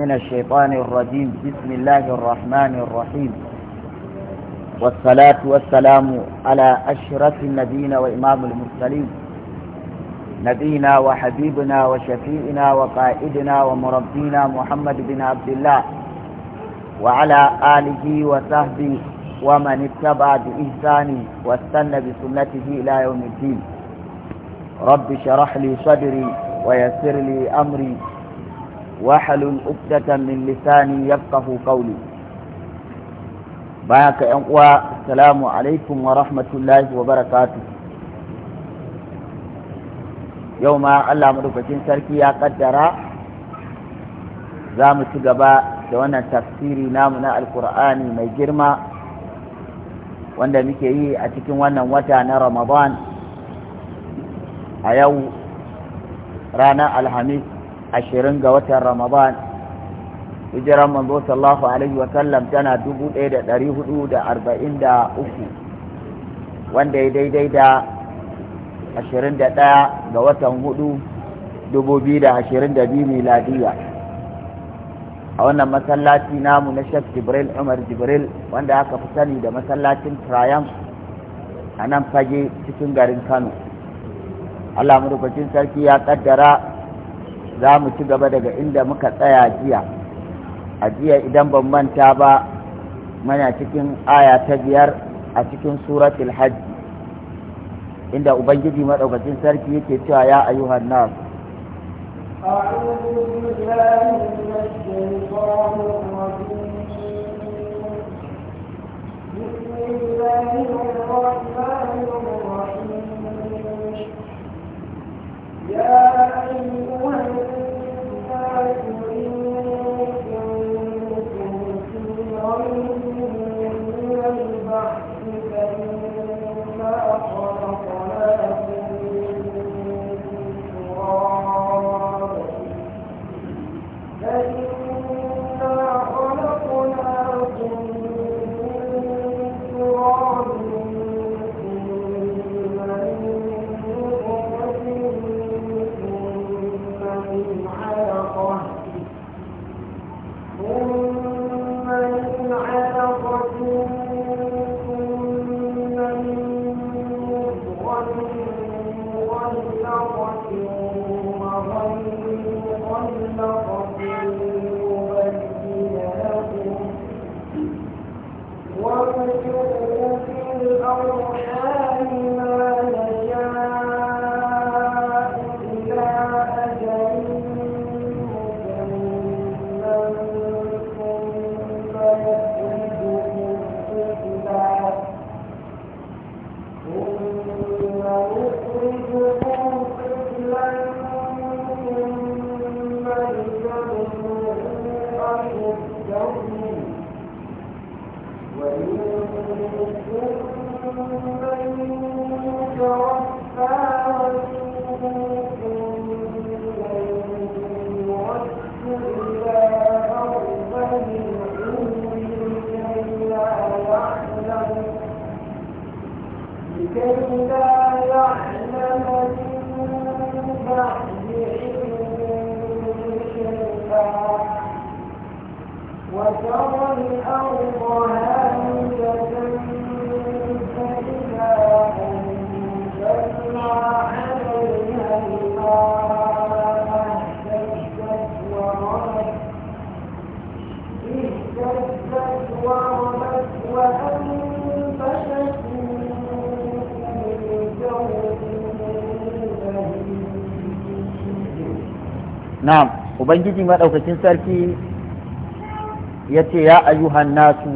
من الشيطان الرجيم بسم الله الرحمن الرحيم والصلاة والسلام على أشرف النبيين وإمام المرسلين نبينا وحبيبنا وشفيئنا وقائدنا ومربينا محمد بن عبد الله وعلى آله وصحبه ومن اتبع بإحسانه واستنى بسنته إلى يوم الدين رب شرح لي صدري ويسر لي أمري wahalul uqdatan min lisani yafqahu qawli baya ka yan uwa salamu alaikum wa rahmatullahi wa barakatuh yau ma Allah madaukakin sarki ya kaddara za mu ci gaba da wannan tafsiri namu na alkur'ani mai girma wanda muke yi a cikin wannan wata na ramadan a yau ranar alhamis ashirin ga watan ramadan hijiran manzo sallallahu alaihi wa sallam tana dubu ɗaya da ɗari hudu da arba'in da uku wanda ya daidai da ashirin da ɗaya ga watan hudu dubu biyu da ashirin da biyu miladiya a wannan masallaci namu na shek jibril umar jibril wanda aka fi sani da masallacin triumph a nan fage cikin garin kano allah madaukakin sarki ya kaddara za mu ci gaba daga inda muka tsaya jiya a jiya idan ban manta ba mana cikin aya ta biyar a cikin suratul hajji inda ubangiji maɗaukacin sarki yake cewa ya ayyuhan nas Yeah. ubangiji maɗaukacin sarki ya ce ya ayyuhan nasu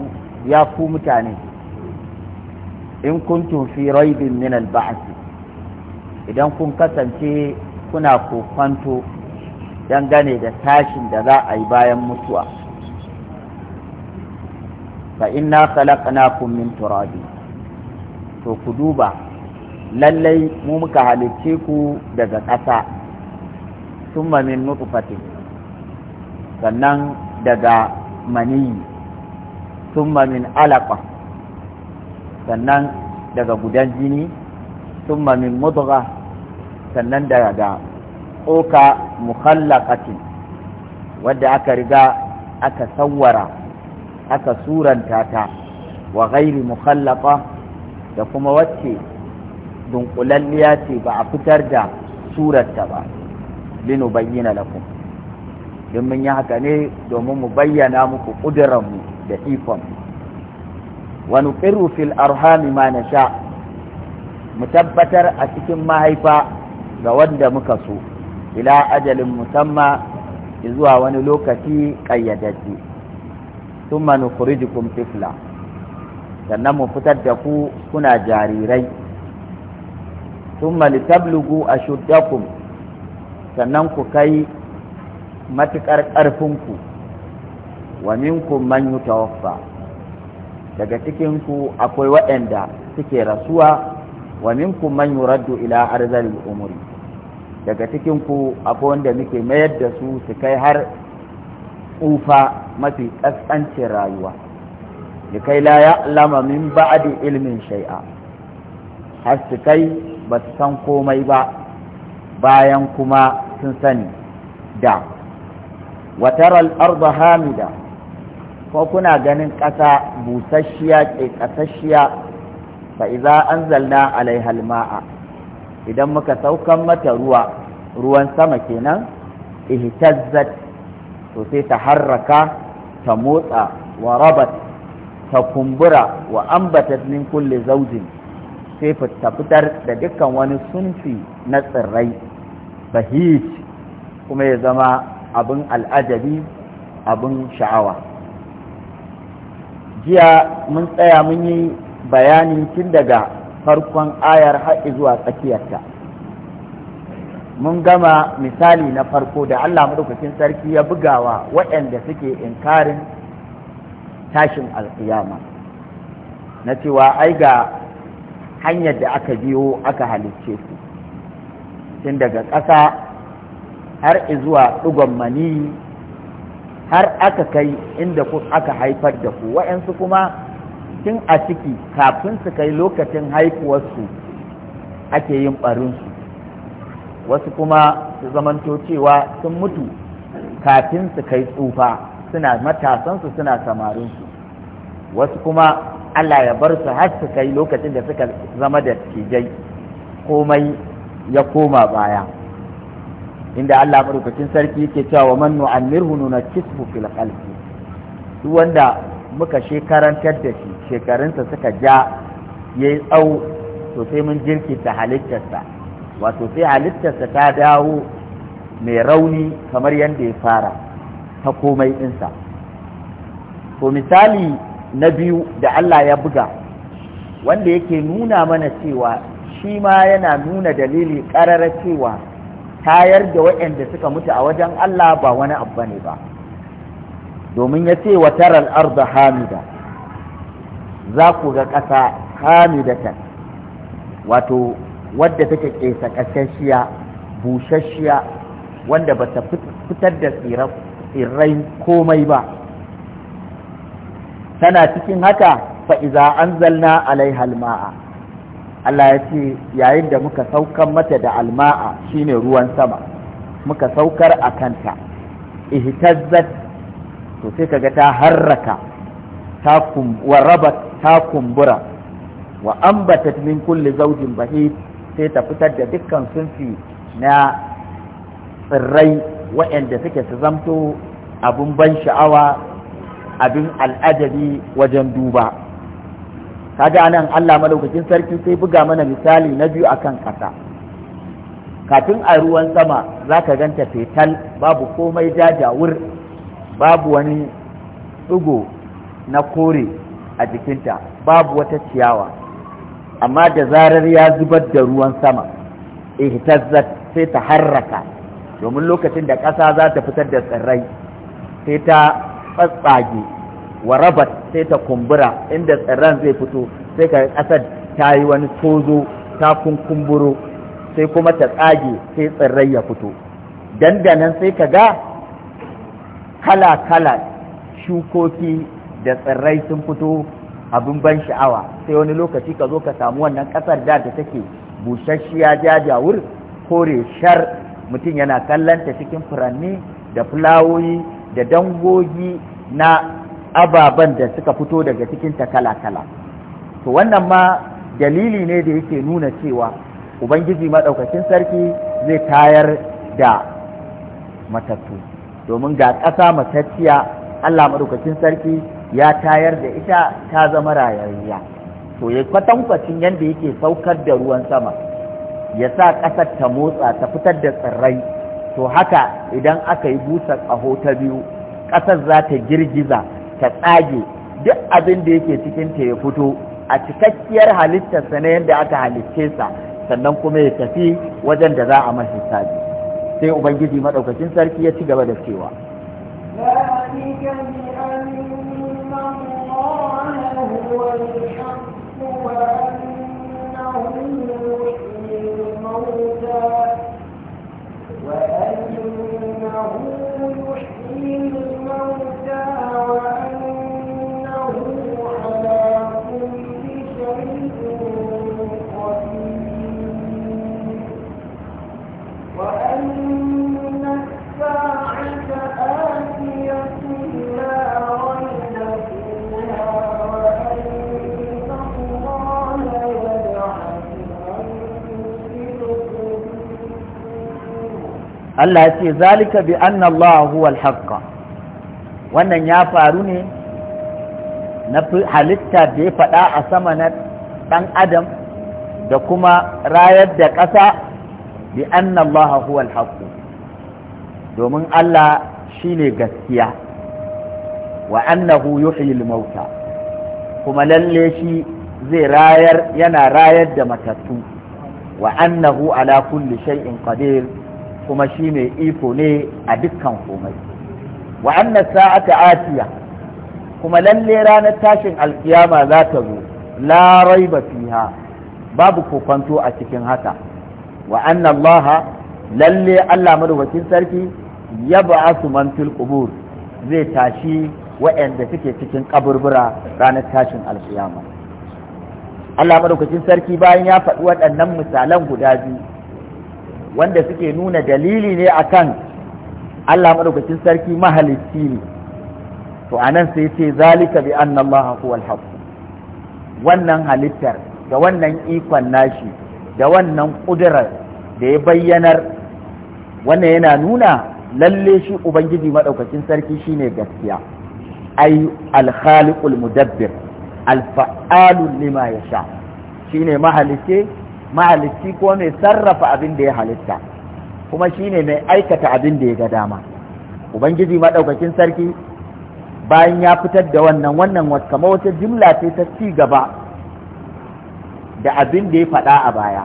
ya ku mutane in kuntum fi raibin min al idan kun kasance kuna kokwanto dangane da tashin da za a yi bayan mutuwa fa inna khalaqnakum min turabi to ku duba lallai mu muka halicce ku daga ƙasa summa min nutfatin sannan daga maniyi summa min alaƙa, sannan daga gudan jini summa min mudgha sannan daga oka mukhallaqatin wadda aka riga aka sawwara aka suranta ta wa ghairi mukhallaqa da kuma wacce dunkulalliya ce ba a fitar da surarta ba bayyana lakum don mun yi haka ne domin mu bayyana muku ƙudurarmu da ikon wani fil arhami ma na sha mu tabbatar a cikin mahaifa ga wanda muka so ila ajalin musamma zuwa wani lokaci ƙayyadajji sun manukurijikun tifla sannan mu fitar da ku kuna jarirai sun malitablugu a shuddakum sannan ku kai matuƙar ƙarfinku wa minkum man yutawaffa daga cikinku akwai waɗanda suke rasuwa wa minkum man yuraddu ila arzal umuri daga cikinku akwai wanda muke mayar da su su kai har tsufa mafi ƙasƙancin rayuwa kai la ya'lama min ba'di ilmin shay'a har su kai ba su san komai ba bayan kuma sun sani da wataral arba hamida ko kuna ganin ƙasa busasshiya ke ƙasasshiya fa iza anzalna alaiha alma'a idan muka saukan mata ruwa ruwan sama kenan ihtazzat to sai ta harraka ta motsa wa rabat ta kumbura wa ambatat min kulli zaujin sai ta fitar da dukkan wani sunfi na tsirrai bahij kuma ya zama abin al'ajabi abin sha'awa jiya mun tsaya mun yi bayanin tun daga farkon ayar haɗi zuwa tsakiyarta mun gama misali na farko da allah maɗaukakin sarki ya bugawa waɗanda suke inkarin tashin alƙiyama na cewa ai ga hanyar da aka biyo aka halicce su tun daga ƙasa har izuwa ɗigon mani har aka kai inda aka haifar da ku wa'yansu kuma tun a ciki kafin su kai lokacin haifuwarsu ake yin ɓarinsu wasu kuma su zamanto cewa sun mutu kafin su kai tsufa suna matasansu suna samarinsu wasu kuma Allah ya bar su har su kai lokacin da suka zama da cijai komai ya koma baya inda Allah madaukakin sarki yake cewa wa man nu'ammirhu nunakishu fil khalqi duk wanda muka shekarantar da shi shekarunsa suka ja yayi tsawo to sai mun jirkita halittarsa wato sai halittarsa ta dawo mai rauni kamar yadda ya fara ta komai ɗinsa to misali na biyu da Allah ya buga wanda yake nuna mana cewa shi ma yana nuna dalili ƙarara cewa tayar da waɗanda suka mutu a wajen Allah ba wani abu ne ba domin ya ce wa taral arda hamida za ku ga ƙasa hamidatan wato wadda take ƙesa ƙasashiya busasshiya wanda ba ta fitar da tsirrai komai ba tana cikin haka fa'iza an zalna alaihal ma'a Allah ya ce yayin da muka saukar mata da alma'a shine ruwan sama muka saukar a kanta ihtazzat to sai kaga ta harraka ta kum rabat ta kumbura wa ambatat min kulli zawjin bahid sai ta fitar da dukkan sunfi na tsirrai waɗanda suke su zamto abin ban sha'awa abin al'ajabi wajen duba kaga anan Allah madaukakin sarki sai buga mana misali na biyu akan ƙasa kafin a ruwan sama za ka ganta fetal babu komai jajawur babu wani tsugo na kore a jikinta babu wata ciyawa amma da zarar ya zubar da ruwan sama ihtazzat sai ta harraka domin lokacin da ƙasa za ta fitar da tsirrai sai ta tsatsage wa rabat sai ta kumbura inda tsirran zai fito sai ka ƙasar ta yi wani tozo ta kunkumburo sai kuma ta tsage sai tsirrai ya fito dandanan sai ka ga kala-kala shukoki da tsirrai sun fito abin ban sha'awa sai wani lokaci ka zo ka samu wannan ƙasar da da take busasshiya jajawur kore shar mutum yana kallanta cikin furanni da fulawoyi da dangogi na Ababan da suka fito daga cikinta kala-kala to wannan ma dalili ne da yake nuna cewa ubangiji maɗaukakin sarki zai tayar da matattu domin ga ƙasa matacciya allah maɗaukakin sarki ya tayar da ita ta zama rayayya to ya kwatankwacin yadda yake saukar da ruwan sama ya sa ƙasar ta motsa ta fitar da tsirrai to haka idan aka yi busa ƙaho ta biyu ƙasar za ta girgiza ta tsage duk abin da yake cikin ta ya fito a cikakkiyar halittarsa na yadda aka halicce sa sannan kuma ya tafi wajen da za a mashi hisabi sai ubangiji madaukakin sarki ya ci gaba da cewa ذلك بأن الله هو Allah ya ce zalika bi anna Allah huwal haqqa wannan ya faru ne na halitta da ya faɗa a sama na ɗan adam da kuma rayar da ƙasa bi anna Allah huwal haqqu domin Allah shine gaskiya wa annahu yuhyil mauta kuma lalle shi zai rayar yana rayar da matattu wa annahu ala kulli shay'in qadir kuma shi mai iko ne a dukkan komai wa sa'ata atiya kuma lalle ranar tashin alkiyama za ta zo Larai basiha fiha babu kokonto a cikin haka wa anna allaha lalle Allah madaukakin sarki ya ba man fil zai tashi waɗanda suke cikin kaburbura ranar tashin alkiyama Allah madaukakin sarki bayan ya faɗi waɗannan misalan guda biyu wanda suke nuna dalili ne a kan Allah maɗaukacin sarki mahalicci ne to anan sai ce zalika bi anna Allah huwal wannan halittar da wannan ikon nashi da wannan ƙudurar da ya bayyanar wannan yana nuna lalle shi ubangiji maɗaukacin sarki shine gaskiya ai al mudabbir mudabbir lima ya sha. Shi ne mahalice mahalicci ko mai sarrafa abin da ya halitta kuma shine mai aikata abin da ya ga dama ubangiji maɗaukakin sarki bayan ya fitar da wannan wannan kamar wata jimla ce ta ci gaba da abin da ya faɗa a baya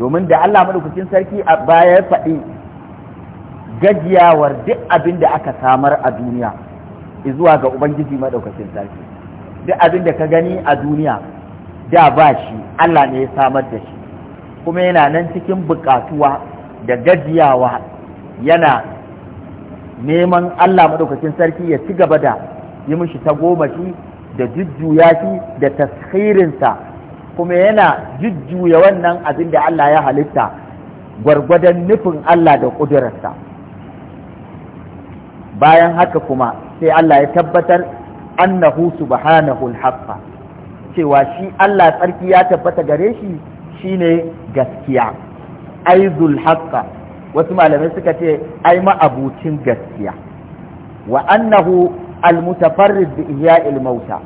domin da Allah maɗaukakin sarki a baya ya faɗi gajiyawar duk abin da aka samar a duniya zuwa ga ubangiji maɗaukakin sarki duk abin da ka gani a duniya da ba shi Allah ne ya samar da shi kuma yana nan cikin buƙatuwa da gajiyawa yana neman Allah maɗaukacin sarki ya ci gaba da yi mishi tagomashi da jujjuya shi da tashirinsa kuma yana jujjuya wannan abin da Allah ya halitta gwargwadon nufin Allah da ƙudurarsa bayan haka kuma sai Allah ya tabbatar annahu subhanahu al cewa shi Allah tsarki ya tabbata gare shi shine gaskiya aizul haqqa wasu malamai suka ce ai ma'abucin gaskiya wa annahu almutafarrid bi ihya'il mauta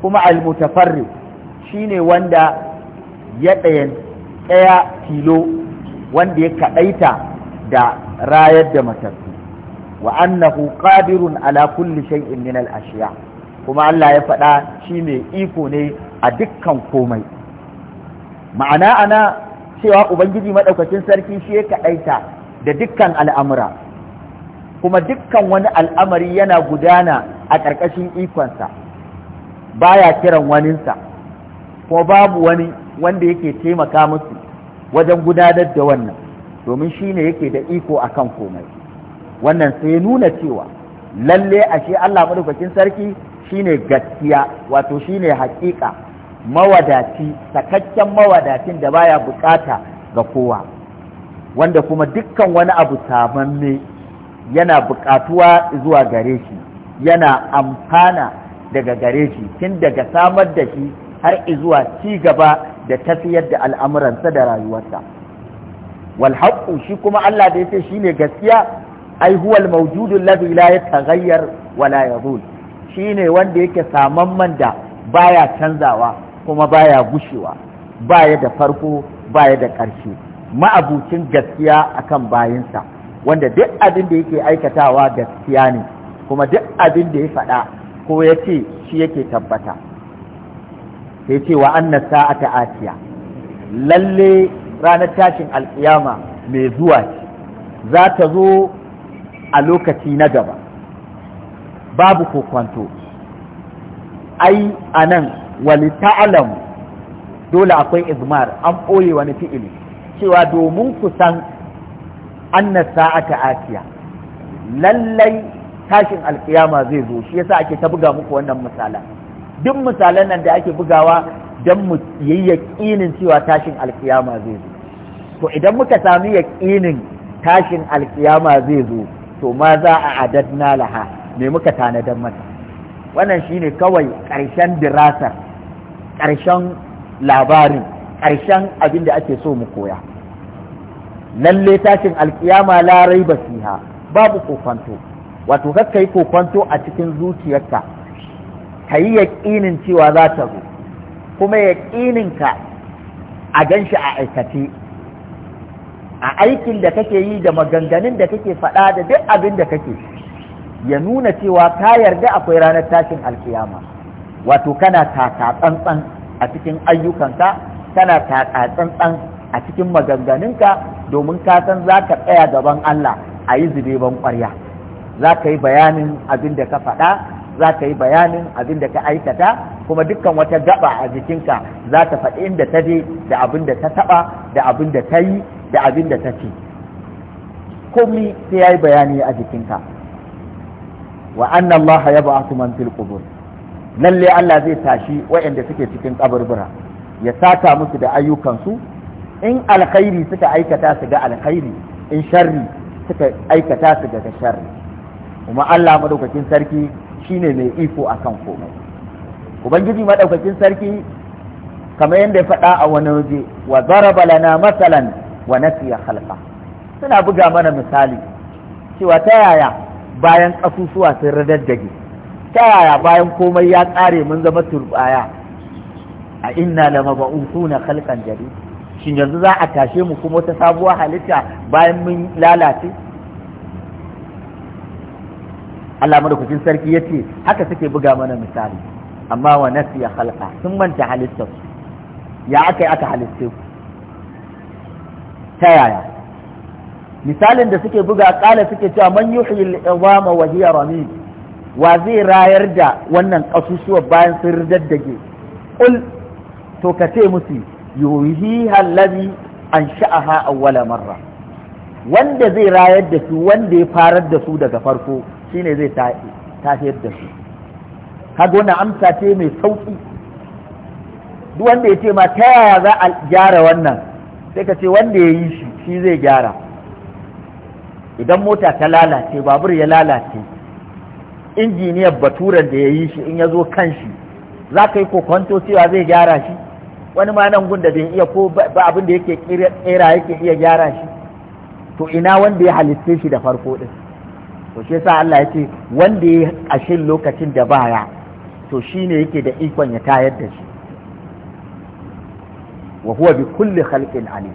kuma almutafarrid shine wanda ya ɗaya ɗaya tilo wanda ya kaɗaita da rayar da matattu wa annahu qadirun ala kulli shay'in min al-ashiya' kuma Allah ya faɗa shi mai iko ne a dukkan komai ma'ana ana cewa ubangiji maɗaukacin sarki shi ya kaɗaita da dukkan al'amura kuma dukkan wani al'amari yana gudana a ƙarƙashin ikonsa baya kiran waninsa kuma babu wani wanda yake taimaka musu wajen gudanar da wannan domin shi ne yake da iko a kan komai wannan sai nuna cewa lalle ashe Allah maɗaukakin sarki shine gaskiya wato shine haƙiƙa mawadaci sakakken mawadacin da baya bukata ga kowa wanda kuma dukkan wani abu samanne yana bukatuwa zuwa gare shi yana amfana daga gare shi tun daga samar da shi har izuwa ci gaba da tafiyar da al'amuransa da rayuwarsa wal shi kuma Allah da yace shine gaskiya ai huwal mawjudul ladhi la yataghayyar wala ya yazul ne wanda yake saman da baya canzawa kuma baya gushewa baya da farko baya da ƙarshe ma'abucin gaskiya akan bayinsa wanda duk abin da yake aikatawa gaskiya ne kuma duk abin da ya faɗa ko ya ce shi yake tabbata sai ce wa anna sa'ata atiya lalle ranar tashin alkiyama mai zuwa ce za ta zo a lokaci na gaba babu kokwanto ai anan wali ta'lamu dole akwai izmar an ɓoye wani fi'ili cewa domin ku san anna sa'ata atiya lallai tashin alkiyama zai zo shi yasa ake ta buga muku wannan misalan duk misalan nan da ake bugawa don mu yi yaƙinin cewa tashin alkiyama zai zo to idan muka sami yaƙinin tashin alkiyama zai zo to ma za a adadna laha me muka tanadar mata wannan shine kawai ƙarshen dirasar ƙarshen labarin ƙarshen abin da ake so mu koya lalle tashin alkiyama larai basiha babu kokonto wato kakka yi a cikin zuciyarka ka yi yaƙinin cewa za ta zo kuma yaƙininka a gan shi a aikace a aikin da kake yi da maganganun da kake faɗa da duk abin da kake ya nuna cewa ka yarda akwai ranar tashin alkiyama wato kana taka tsantsan a cikin ayyukanka kana taka tsantsan a cikin maganganunka domin ka san za ka tsaya gaban Allah a yi zubeban kwarya. za ka yi bayanin abin da ka faɗa za ka yi bayanin abin da ka aikata kuma dukkan wata gaba a jikinka za ta faɗi inda ta je da abin da ta taɓa da abin da ta yi da abin da ta ce komi sai ya yi bayani a jikinka wa anna Allah yab'athu man fil qubur lalle Allah zai tashi waɗanda suke cikin kaburbura ya sata musu da ayyukansu in alkhairi suka aikata su ga alkhairi in sharri suka aikata su ga sharri kuma Allah madaukakin sarki shine mai iko akan komai ubangiji madaukakin sarki kamar yadda ya faɗa a wani waje wa zaraba lana masalan wa nasiya khalqa suna buga mana misali cewa ta yaya bayan ƙasusuwa sun radaddage ta yaya bayan komai ya ƙare mun zama turbaya a inna la suna halkan jari shin yanzu za a tashe mu kuma ta sabuwar halitta bayan mun lalace Allah madaukakin sarki ya ce haka suke buga mana misali amma wa ya halka? sun manta halittar ya aka yi aka halitta ta yaya misalin da suke buga kala suke cewa man yuhyi al-izama wa hiya ramim wa zai rayar da wannan kasusuwa bayan sun daddage? qul to ka ce musu yuhyiha allazi ansha'aha awwala marra wanda zai rayar da su wanda ya farar da su daga farko shine zai tafiyar da su kaga wannan amsa ce mai sauki duk wanda ya ce ma ta yaya za a gyara wannan sai ka ce wanda ya yi shi shi zai gyara idan mota ta lalace babur ya lalace injiniyar baturan da ya yi shi in ya zo kan shi za ka yi kokonto cewa zai gyara shi wani ma nan gun da bai iya ko ba abin da yake kera yake iya gyara shi to ina wanda ya halitte shi da farko din to shi yasa Allah ya ce wanda ya kashin lokacin da baya to shine yake da ikon ya tayar da shi wa huwa bi kulli khalqin alim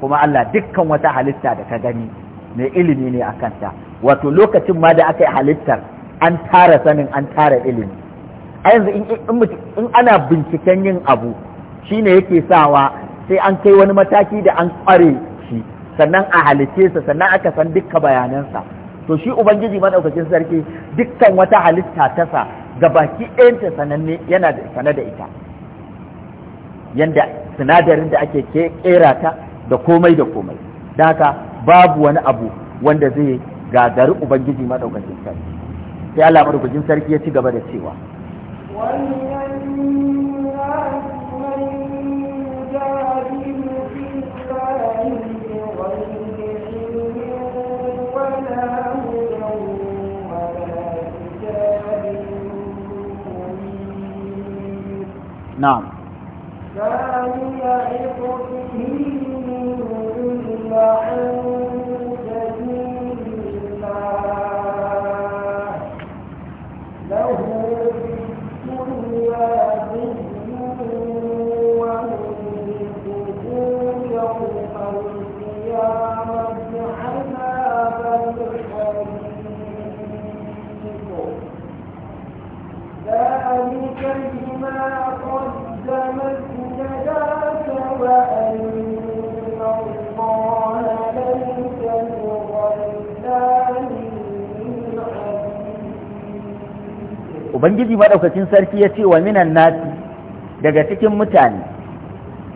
kuma Allah dukkan wata halitta da ka gani mai ilimi ne a kanta wato lokacin ma da aka yi halittar an tara sanin an tara ilimi a yanzu in ana binciken yin abu shine yake sawa sai an kai wani mataki da an kware shi sannan a halitce sa sannan aka san dukkan bayanansa to shi ubangiji madaukakin sarki dukkan wata halitta tasa ga baki ɗayanta sananne yana da sana da ita yanda sinadarin da ake kera ta da komai da komai da haka babu wani abu wanda zai gagari ubangiji madaukakin sarki sai Allah madaukakin sarki ya ci gaba da cewa نعم ثاني عقبه من العين ubangiji maɗaukacin sarki ya ce wa minan nasi daga cikin mutane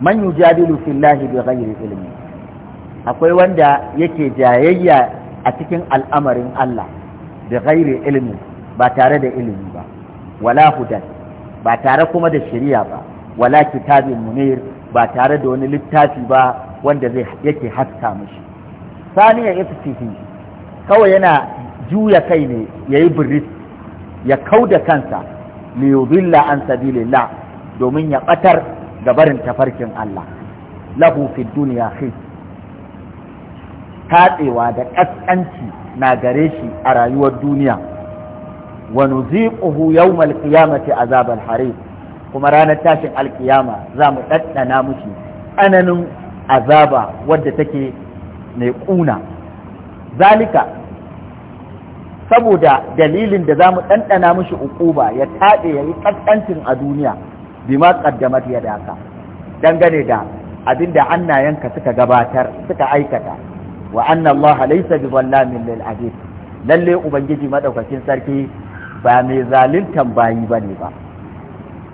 man yujadilu fillahi bi ghayri, ilmi akwai wanda yake jayayya a cikin al'amarin Allah da ghayri, ilimi, ba tare da ilimi ba wala hudan ba tare kuma da shari'a ba wala kitabin munir ba tare da wani littafi ba wanda zai yake haska mishi saniya iftihi kawai yana juya kai ne yayi biris ya kauda kansa liyubilla yudilla an sabilillah domin ya batar da barin tafarkin Allah lahu fid dunya khis tatsewa da kaskanci na gare shi a rayuwar duniya wani nuziquhu yawmal qiyamati azab al kuma ranar tashin alkiyama za mu daddana mushi tsananin azaba wadda take zalika saboda dalilin da za mu ɗanɗana mushi ukuba ya taɗe ya yi ƙasƙancin a duniya bima ƙaddamar ya daka dangane da abin da annayenka suka gabatar suka aikata wa anna Allah laysa bi zallamin lil lalle ubangiji madaukakin sarki ba mai zalintan bayi ba ne ba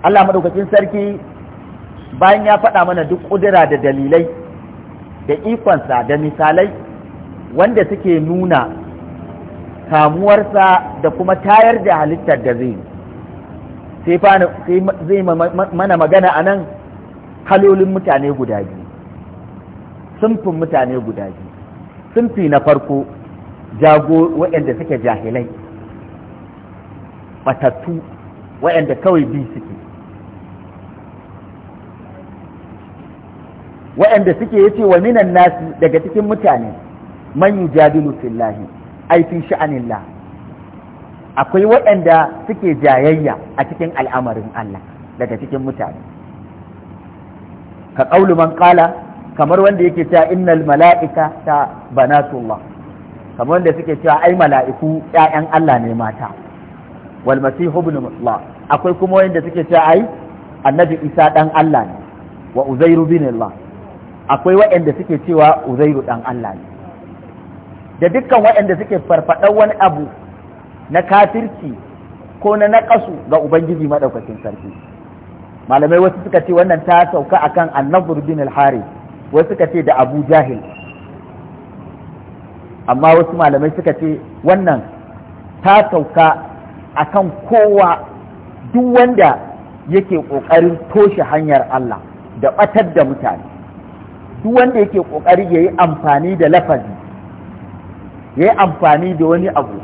Allah maɗaukacin sarki bayan ya faɗa mana duk ƙudura da dalilai da ikonsa da misalai wanda suke nuna kamuwarsa da kuma tayar da halittar da zai sai zai mana magana a nan kalolin mutane guda biyu sunfin mutane guda biyu sunfi na farko jago waɗanda suke jahilai batattu waɗanda kawai bi suke waɗanda suke yace wa minan nasi daga cikin mutane man yujadilu fillahi ai fi sha'anillah akwai waɗanda suke jayayya a cikin al'amarin Allah daga cikin mutane ka ƙaulu man ƙala kamar wanda yake cewa innal mala'ika ta banatullah kamar wanda suke cewa ai mala'iku 'ya'yan Allah ne mata wal masihu ibn muslah akwai kuma wanda suke cewa ai annabi isa dan Allah ne wa uzairu bin Allah akwai waɗanda suke cewa uzairu dan Allah ne da dukkan waɗanda suke farfaɗan wani abu na kafirci ko na naƙasu ga ubangiji maɗaukakin sarki malamai wasu suka ce wannan ta sauka akan annabur bin al wasu suka ce da abu jahil amma wasu malamai suka ce wannan ta sauka akan kowa duk wanda yake ƙoƙarin toshe hanyar Allah da ɓatar da mutane duk wanda yake ƙoƙari ya yi amfani da lafazi ya yi amfani da wani abu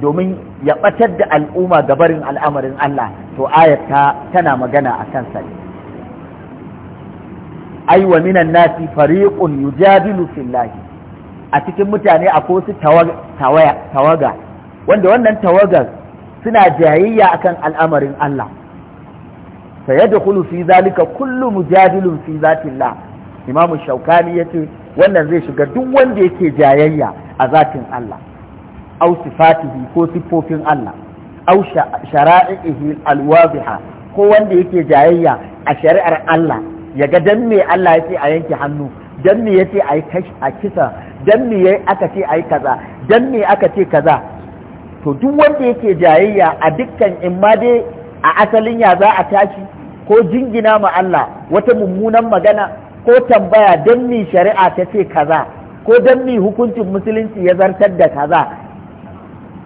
domin ya ɓatar da al'umma ga barin al'amarin Allah to ayata tana magana a kansa ne ai wa minan nasi fariqun yujadilu fillahi a cikin mutane akwai wasu tawaga wanda wannan tawagar suna jayayya akan al'amarin Allah sayadkhulu fi zalika kullu mujadilun fi zatillah imamu shaukani yace wannan zai shiga duk wanda yake jayayya a zatin Allah aw sifatihi ko sifofin Allah aw shara'ihi alwaziha ko wanda yake jayayya a shari'ar Allah ya ga dan me Allah yace a yanke hannu dan me yace a kisa dan me aka ce ayi kaza dan me aka ce kaza to duk wanda yake jayayya a dukkan in ma dai a asalin ya za a tashi ko jingina ma Allah wata mummunan magana ko tambaya don mi shari'a ta ce kaza ko don mi hukuncin musulunci ya zartar da kaza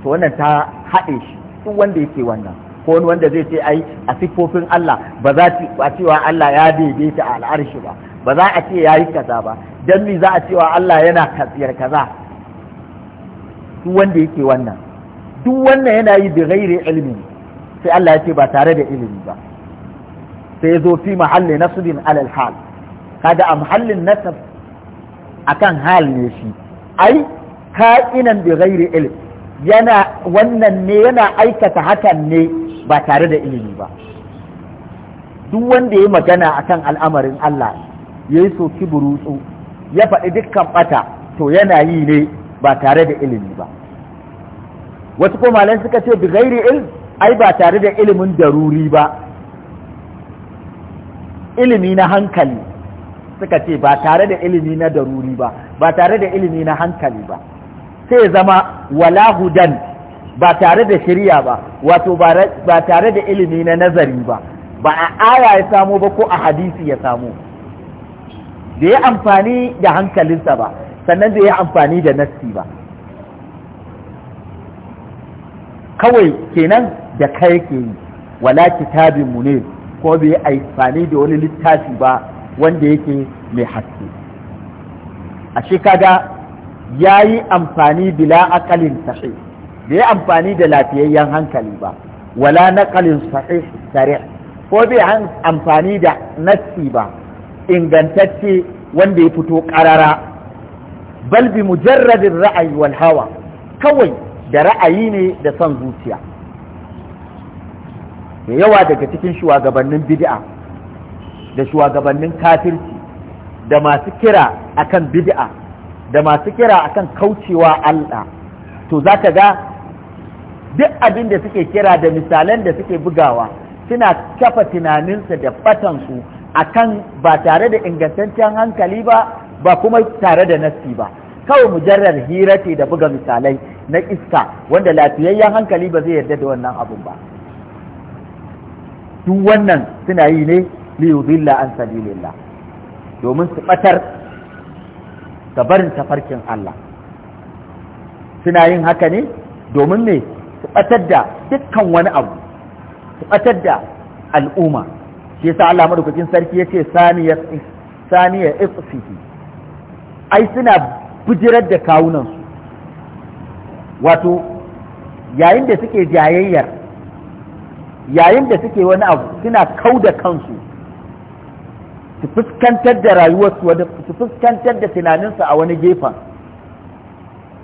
to wannan ta haɗe shi duk wanda yake wannan ko wani wanda zai ce ai a siffofin Allah ba za a cewa Allah ya daidaita a al'arshi ba ba za a ce ya yi kaza ba don mi za a cewa Allah yana katsiyar kaza duk wanda yake wannan duk wannan yana yi bi ghairi ilmi sai Allah ya ce ba tare da ilimi ba sai zo fi mahalli nasbin alal hal kaga a mahallin nasab akan hal ne shi ai ka'inan bi ghairi ilmi yana wannan ne yana aikata hakan ne ba tare da ilimi ba duk wanda ya magana akan al'amarin Allah ya yi soki burutsu ya faɗi dukkan ɓata to yana yi ne ba tare da ilimi ba wasu ko malai suka ce bi gairi ilm ai ba tare da ilimin daruri ba ilimi na hankali suka ce ba tare da ilimi na daruri ba ba tare da ilimi na hankali ba sai zama wala hudan ba tare da shirya ba wato ba tare da ilimi na nazari ba ba a aya ya samo ba ko a hadisi ya samo da ya amfani da hankalinsa ba sannan da ya amfani da nassi ba kawai kenan da kai ke yi wala kitabin ne ko bai yi amfani da wani littafi ba wanda yake mai haske a shi kaga ya yi amfani bila akalin sahih bai yi amfani da lafiyayyen hankali ba wala naqalin sahih sari ko bai yi amfani da nassi ba ingantacce wanda ya fito karara bal bi mujarradin ra'ayi wal hawa kawai da ra'ayi ne da son zuciya da yawa daga cikin shugabannin bid'a da shugabannin kafirci da masu kira akan bid'a da masu kira akan kaucewa Allah to za ka ga duk abin da suke kira da misalan da suke bugawa suna kafa tunaninsa da fatansu akan ba tare da ingantaccen hankali ba ba kuma tare da nassi ba kawai mujarrar hira ce da buga misalai na iska wanda lafiyayyen hankali ba zai yarda da wannan abun ba duk wannan suna yi ne li yudilla an sabilillah domin su batar ga barin tafarkin Allah suna yin haka ne domin ne su batar da dukkan wani abu su batar da al'umma shi yasa Allah madaukakin sarki yace saniya saniya isfihi ai suna Kujerar da kawunansu wato yayin da suke jayayyar yayin da suke wani abu suna kau da kansu su fuskantar da rayuwarsu su fuskantar da tunaninsu a wani gefen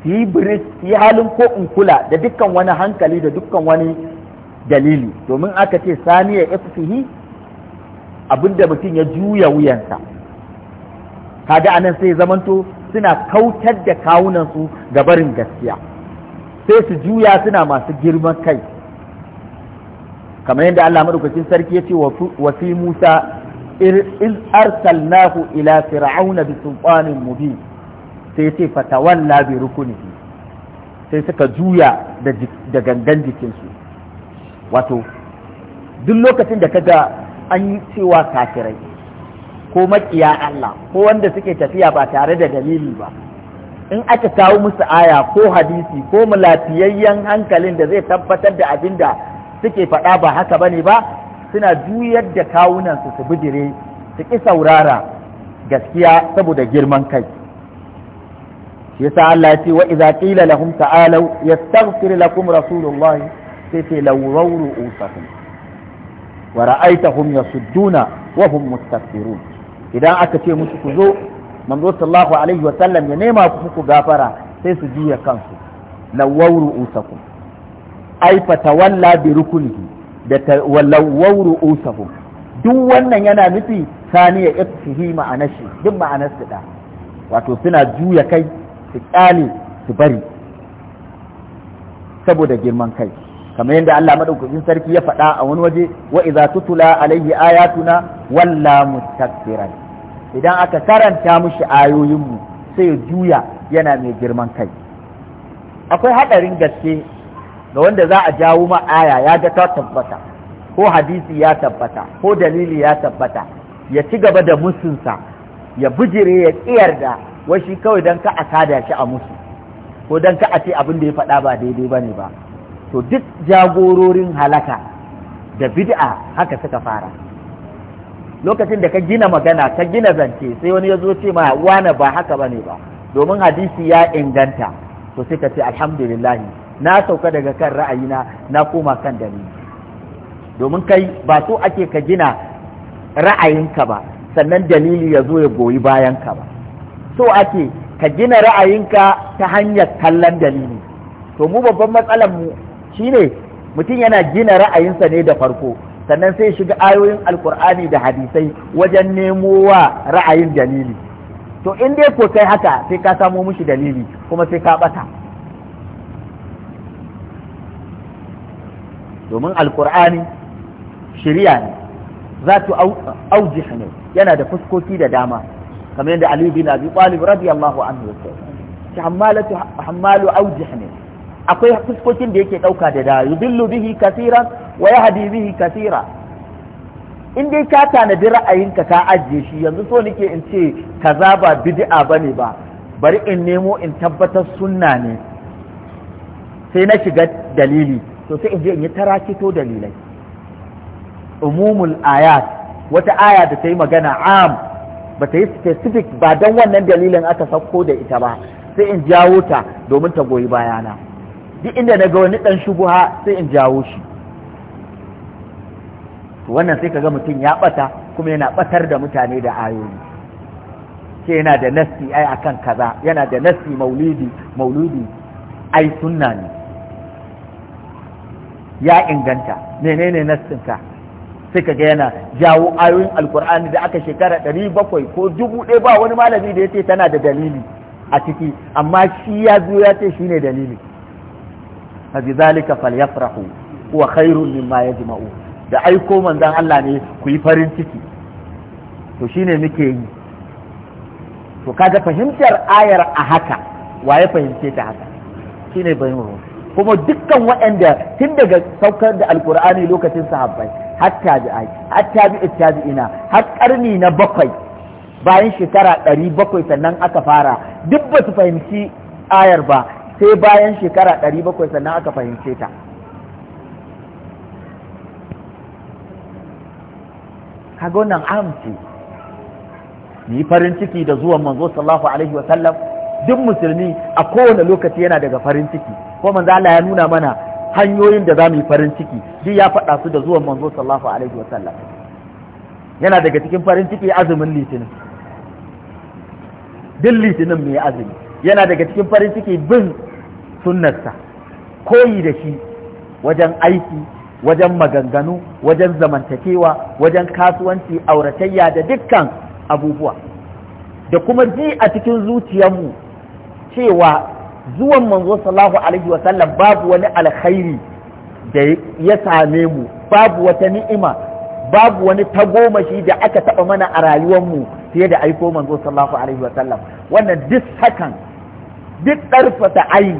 su yi biris yi halin ko in kula da dukkan wani hankali da dukkan wani dalili domin aka ce ya ifsihi abinda mutum ya juya wuyansa kaga anan sai zamanto suna kautar da kawunansu ga barin gaskiya sai su juya suna masu girman kai kamar yadda Allah madaukakin sarki ya ce wa fi Musa iz arsalnahu ila fir'auna bi sultanin mubin sai ce fatawalla bi rukunihi sai suka juya da gangan jikinsu wato duk lokacin da kaga an yi cewa kafirai ko maƙiya Allah ko wanda suke tafiya ba tare da dalili ba in aka kawo musu aya ko hadisi ko mulafiyayyen hankalin da zai tabbatar da abin da suke faɗa ba haka ba ne ba suna juyar da kawunansu su bijire su ƙi saurara gaskiya saboda girman kai shi yasa Allah ce wa idza qila lahum ta'alu yastaghfir lakum rasulullahi sai ce rawru usahum wa ra'aytahum yasudduna wa hum mustaghfirun idan aka ce musu ku zo manzo sallallahu alaihi wa sallam ya nema ku ku gafara sai su juya kansu lawawru usakum ai fatawalla bi rukunihi da wallawru usakum duk wannan yana nufi sani ya ifihi ma'anar shi duk ma'anar su da wato suna juya kai su kyale su bari saboda girman kai kamar yadda Allah madaukakin sarki ya faɗa a wani waje wa idza tutula alaihi ayatuna walla mutakbiran idan aka karanta mushi ayoyinmu sai ya juya yana mai girman kai akwai haɗarin gaske ga wanda za a jawo ma aya ya ga ta tabbata ko hadisi ya tabbata ko dalili ya tabbata ya ci gaba da musunsa ya bijire ya tsiyar da washi kawai don ka a kada shi a musu ko don ka a ce abin da ya faɗa ba daidai ba ne ba to duk jagororin halaka da bid'a haka suka fara lokacin da ka gina magana ka gina zance sai wani ya zo ce ma wane ba haka ba ne ba domin hadisi ya inganta to sai ka ce alhamdulillah na sauka daga kan ra'ayina na koma kan dalili domin kai ba so ake ka gina ra'ayinka ba sannan dalili ya zo ya goyi bayanka ba so ake ka gina ra'ayinka ta hanyar kallon dalili to mu babban matsalar mu shine mutum yana gina ra'ayinsa ne da farko sannan sai shiga ayoyin alkur'ani da hadisai wajen nemo wa ra'ayin dalili to in dai ko kai haka sai ka samo mushi dalili kuma sai ka bata domin alkur'ani shirya ne za ta aujih ne yana da fuskoki da dama kamar yadda Ali bin Abi Talib radiyallahu anhu ya ce hammalatu hammalu aujih ne akwai fuskokin da yake dauka da da yudillu bihi kaseeran wa hadi bihi kasira in dai ka tanadi ra'ayinka ka ajiye shi yanzu so nake in ce kaza ba bid'a bane ba bari in nemo in tabbatar sunna ne sai na shiga dalili to sai in je in yi tarakito dalilai umumul ayat wata aya da ta yi magana am ba ta yi specific ba don wannan dalilin aka sauko da ita ba sai in jawo ta domin ta goyi bayana duk inda na ga wani dan shubuha sai in jawo shi to wannan sai kaga mutum ya bata kuma yana batar da mutane da ayoyi ce yana da nasi ai akan kaza yana da nasi maulidi maulidi ai sunna ne ya inganta menene sai ka sai kaga yana jawo ayoyin alkur'ani da aka shekara ɗari bakwai ko dubu ɗaya ba wani malami da ya ce tana da dalili a ciki amma shi ya zo ya ce shine dalili fa bi zalika falyafrahu huwa khairun ya jama'u. da aiko manzan Allah ne ku yi farin ciki to shine muke yi to kaga fahimtar ayar a haka waye fahimce ta haka shine bayin kuma dukkan waɗanda tun daga saukar da alkur'ani lokacin sahabbai hatta bi hatta bi ina, har karni na bakwai bayan shekara ɗari bakwai sannan aka fara duk ba su fahimci ayar ba sai bayan shekara ɗari bakwai sannan aka fahimce ta kaga wannan amci ni farin ciki da zuwan manzo sallallahu alaihi wa sallam duk musulmi a kowane lokaci yana daga farin ciki ko manzo Allah ya nuna mana hanyoyin da za mu yi farin ciki duk ya faɗa su da zuwan manzo sallallahu alaihi wa sallam yana daga cikin farin ciki azumin litinin duk litinin mai azumi yana daga cikin farin ciki bin sunnarsa koyi da shi wajen aiki wajen maganganu wajen zamantakewa wajen kasuwanci auratayya da dukkan abubuwa da kuma ji a cikin zuciyarmu cewa zuwan manzo sallahu alaihi wasallam babu wani alkhairi da ya same mu babu wata ni'ima babu wani tagomashi da aka taɓa mana a rayuwar mu fiye da aiko manzo sallahu alaihi wasallam wannan duk hakan duk ɗarfata ai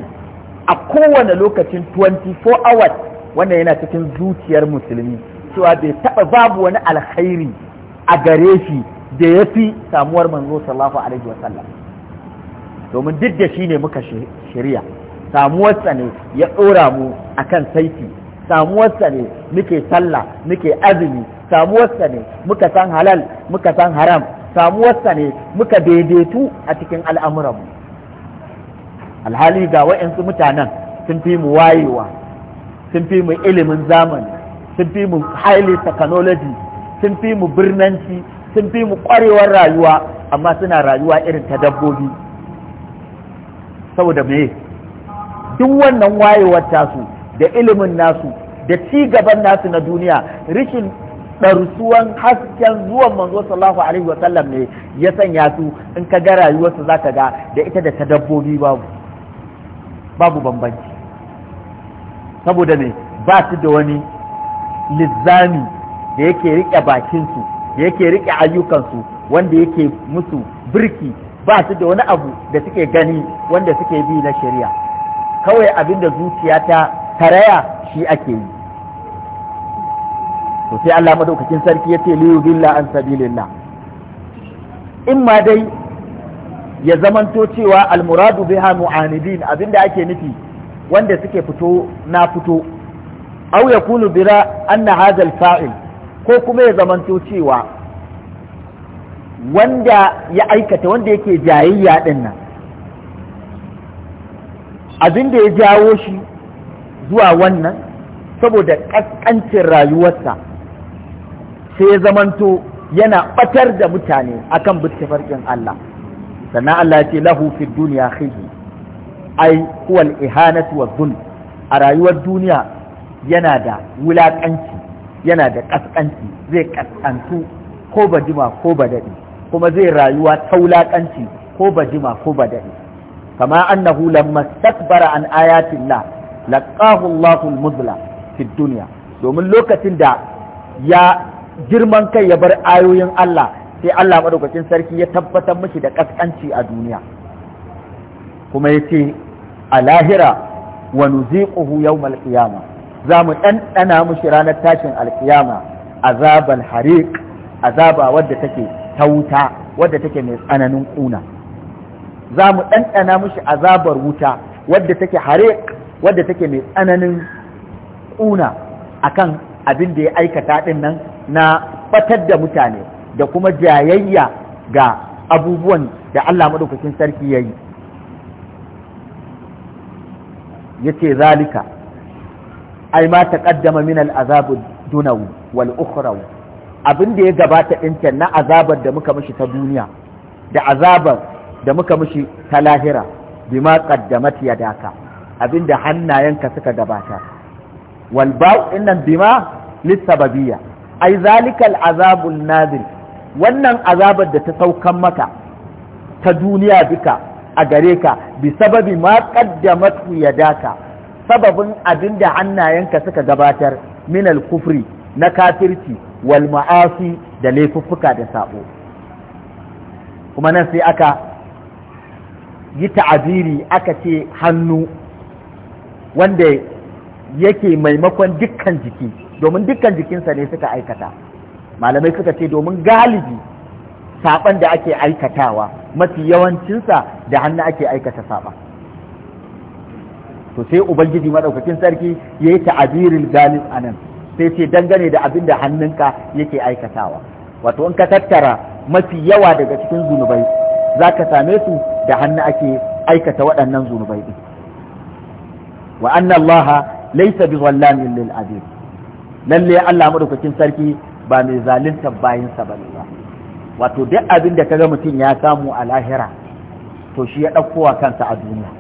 a kowane lokacin 24 hours wannan yana cikin zuciyar musulmi cewa bai taɓa babu wani alkhairi a gare shi da ya fi samuwar manzo sallallahu alaihi wasallam domin duk da shi ne muka shirya samuwarsa ne ya ɗora mu akan saiti samuwarsa ne muke sallah muke azumi samuwarsa ne muka san halal muka san haram samuwarsa ne muka daidaitu a cikin al'amuranmu alhali ga wa'yansu mutanen sun fi mu wayewa sun fi mu ilimin zamani sun fi mu highly technology sun fi mu birnanci sun fi mu kwarewar rayuwa amma suna rayuwa irin ta dabbobi saboda me duk wannan wayewar tasu da ilimin nasu da ci gaban nasu na duniya rikin ɗarsuwan hasken zuwan manzo sallallahu alaihi wasallam ne ya sanya su in ka ga rayuwarsu za ka ga da ita da ta dabbobi babu babu bambanci saboda ne ba su da wani lizami da yake riƙe bakinsu da yake riƙe ayyukansu wanda yake musu birki ba su da wani abu da suke gani wanda suke bi na shari'a kawai abin da zuciya ta taraya shi ake yi to sai Allah madaukakin sarki yace li yudilla an sabilillah in ma dai ya zamanto cewa almuradu biha mu'anidin abinda ake nufi wanda suke fito na fito au ya kulu bira anna hadha fail ko kuma ya zamanto cewa wanda ya aikata wanda yake jayayya din nan abin da ya jawo shi zuwa wannan saboda ƙasƙancin rayuwarsa sai ya zamanto yana ɓatar da mutane akan bi Allah sannan Allah ya ce lahu fid duniya khizi ai kuwal ihanatu wa zulm a rayuwar duniya yana da wulakanci yana da kaskanci zai kaskantu ko ba jima ko ba daɗi kuma zai rayuwa ta wulakanci ko ba jima ko ba daɗi kama annahu lamma stakbara an ayatillah laqahu Allahul muzla fi dunya domin lokacin da ya girman kai ya bar ayoyin Allah sai Allah madaukakin sarki ya tabbatar mishi da kaskanci a duniya kuma yace a lahira wa nuziquhu yawmal qiyama za mu ɗanɗana mushi ranar tashin alkiyama azaban hariq azaba wadda take wuta wadda take mai tsananin ƙuna za mu ɗanɗana mushi azabar wuta wadda take hariq wadda take mai tsananin ƙuna akan abin da ya aikata ɗin nan na ɓatar da mutane da kuma jayayya ga abubuwan da Allah maɗaukakin sarki ya yi yace zalika ai ma taqaddama min al'azab dunawi wal ukhrawi abin da ya gabata ɗincan na azabar da muka mishi ta duniya da azabar da muka mishi ta lahira bima qaddamat yadaka abin da hannayenka suka gabata wal ba'u innan bima lissababiyya ai zalikal azabul nazil wannan azabar da ta saukan maka ta duniya duka a gare ka bi sababi ma kaddamat yadaka sababin abinda hannayenka suka gabatar min kufri na kafirci wal ma'asi da laifuffuka da sabo kuma nan sai aka yi ta'abiri aka ce hannu wanda yake maimakon dukkan jiki domin dukkan jikinsa ne suka aikata malamai suka ce domin galibi saban da ake aikatawa mafi yawancinsa da hannu ake aikata saba to sai ubangiji maɗaukakin sarki ya yi ta'abirin galib a nan sai ce dangane da abin da hannunka yake aikatawa wato in ka tattara mafi yawa daga cikin zunubai za ka same su da hannu ake aikata waɗannan zunubai ɗin wa anna allaha laysa bi lil lalle Allah madaukakin sarki ba mai zalunta bayinsa bane ba wato duk abin da kaga mutum ya samu a lahira to shi ya ɗaukowa kansa a duniya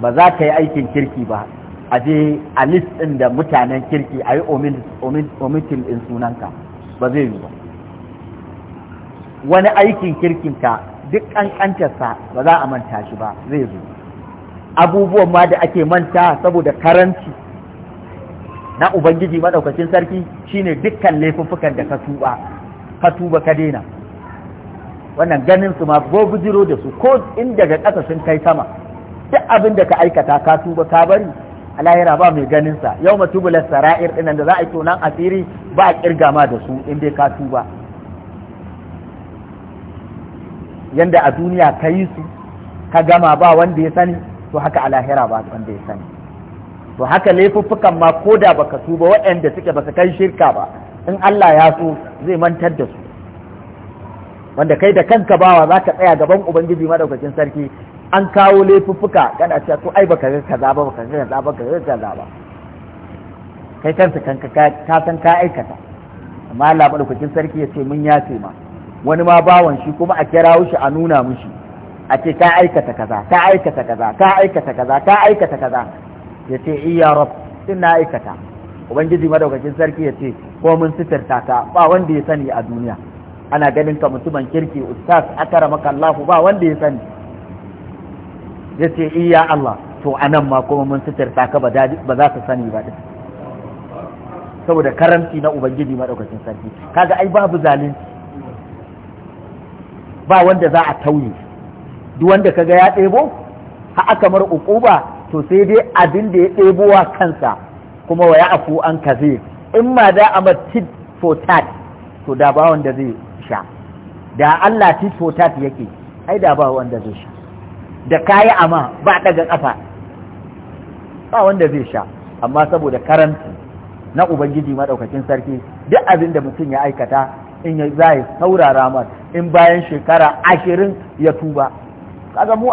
ba za ka yi aikin kirki ba a je a list ɗin da mutanen kirki a yi omitin ɗin sunanka ba zai yi ba wani aikin kirkinka duk ƙanƙantarsa ba za a manta shi ba zai zo abubuwan ma da ake manta saboda karanci na ubangiji maɗaukacin sarki shine dukkan laifuffukan da ka tuba ka tuba ka daina wannan ganin su ma ko bujiro da su ko in daga ƙasa sun kai sama duk abin da ka aikata ka tuba ka bari alahira ba mai ganin sa yau ma tubular sara'ir ɗin da za a yi tunan asiri ba a kirga ma da su in dai ka tuba yanda a duniya ka yi su ka gama ba wanda ya sani to haka alahira ba wanda ya sani to haka laifuffukan ma ko da baka tuba waɗanda suke ba su kai shirka ba in Allah ya so zai mantar da su wanda kai da kanka bawa za ka tsaya gaban ubangiji madaukakin sarki an kawo laifuffuka kana cewa to ai baka ga kaza ba baka ga kaza ba baka ga kaza ba kai kanka kanka ka san ka aikata amma Allah madaukakin sarki ya ce mun ce ma wani ma bawan shi kuma a kira shi a nuna mushi a ce ka aikata kaza ka aikata kaza ka aikata kaza ka aikata kaza ya ce iya rabu, ina na aikata ubangiji madaukakin sarki ya ce ko mun sitarta ta ba wanda ya sani a duniya ana ganin ka mutumin kirki ustaz akara maka Allah ba wanda ya sani ya ce iya eh, Allah to anan ma kuma mun sitarta ka ba za ka sani ba saboda karamci na ubangiji madaukakin sarki kaga ai babu zalunci ba wanda za a tauye duk wanda kaga ya ɗebo ha aka mar ukuba to sai dai abin da ya ɗebowa kansa kuma wa ya afu an kaze in ma da a tit for tat to da ba wanda zai sha da Allah tit for tat yake ai da ba wanda zai sha da kayi amma ba daga kafa ba wanda zai sha amma saboda karanci na ubangiji madaukakin sarki duk abin da mutum ya aikata in ya zai saurara ma in bayan shekara ashirin ya tuba kaga mu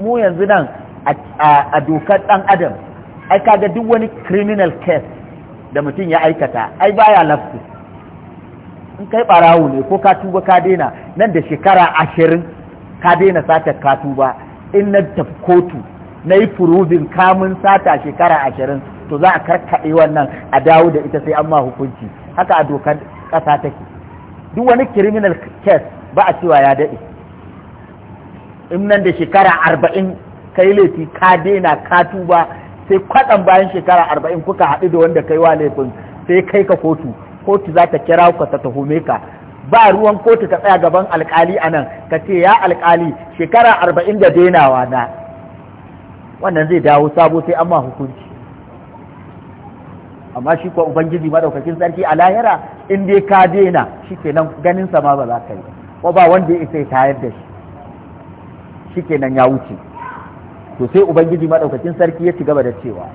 mu yanzu nan a dokar dan adam ai kaga duk wani criminal case da mutum ya aikata ai baya lafsu in kai barawo ne ko ka tuba ka daina nan da shekara ashirin ka daina sata ka tuba in na tafi kotu na yi furubin kamun sata shekara ashirin to za a karkaɗe wannan a dawo da ita sai an ma hukunci haka a dokar ƙasa take duk wani criminal case ba a cewa ya daɗe in nan da shekara arba'in kai laifi ka daina ka tuba sai kwaɗan bayan shekara arba'in kuka haɗu da wanda kai wa laifin sai kai ka kotu kotu za ta kira ka ta tuhume ka ba ruwan kotu ka tsaya gaban alkali a nan ka ce ya alkali shekara arba'in da denawa na wannan zai dawo sabo sai an ma hukunci amma shi kuwa ubangiji madaukakin sarki a lahira in dai ka dena shi kenan ganin sama ba za ka yi ko ba wanda ya isa ya tayar da shi shi kenan ya wuce to sai ubangiji madaukakin sarki ya ci gaba da cewa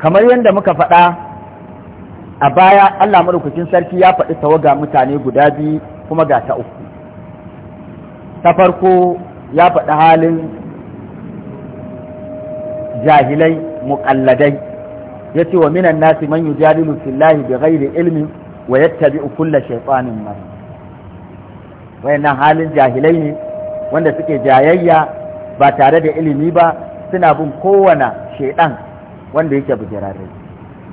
kamar yadda muka faɗa a baya Allah madaukakin sarki ya faɗi tawaga mutane guda biyu kuma ga ta uku ta farko ya faɗi halin jahilai muƙalladai ya ce wa minan nasi man yujadilu fillahi bi ghairi ilmin wa yattabi'u kulla shaytanin marid wayannan halin jahilai ne wanda suke jayayya ba tare da ilimi ba suna bin kowane shaidan wanda yake bujirarre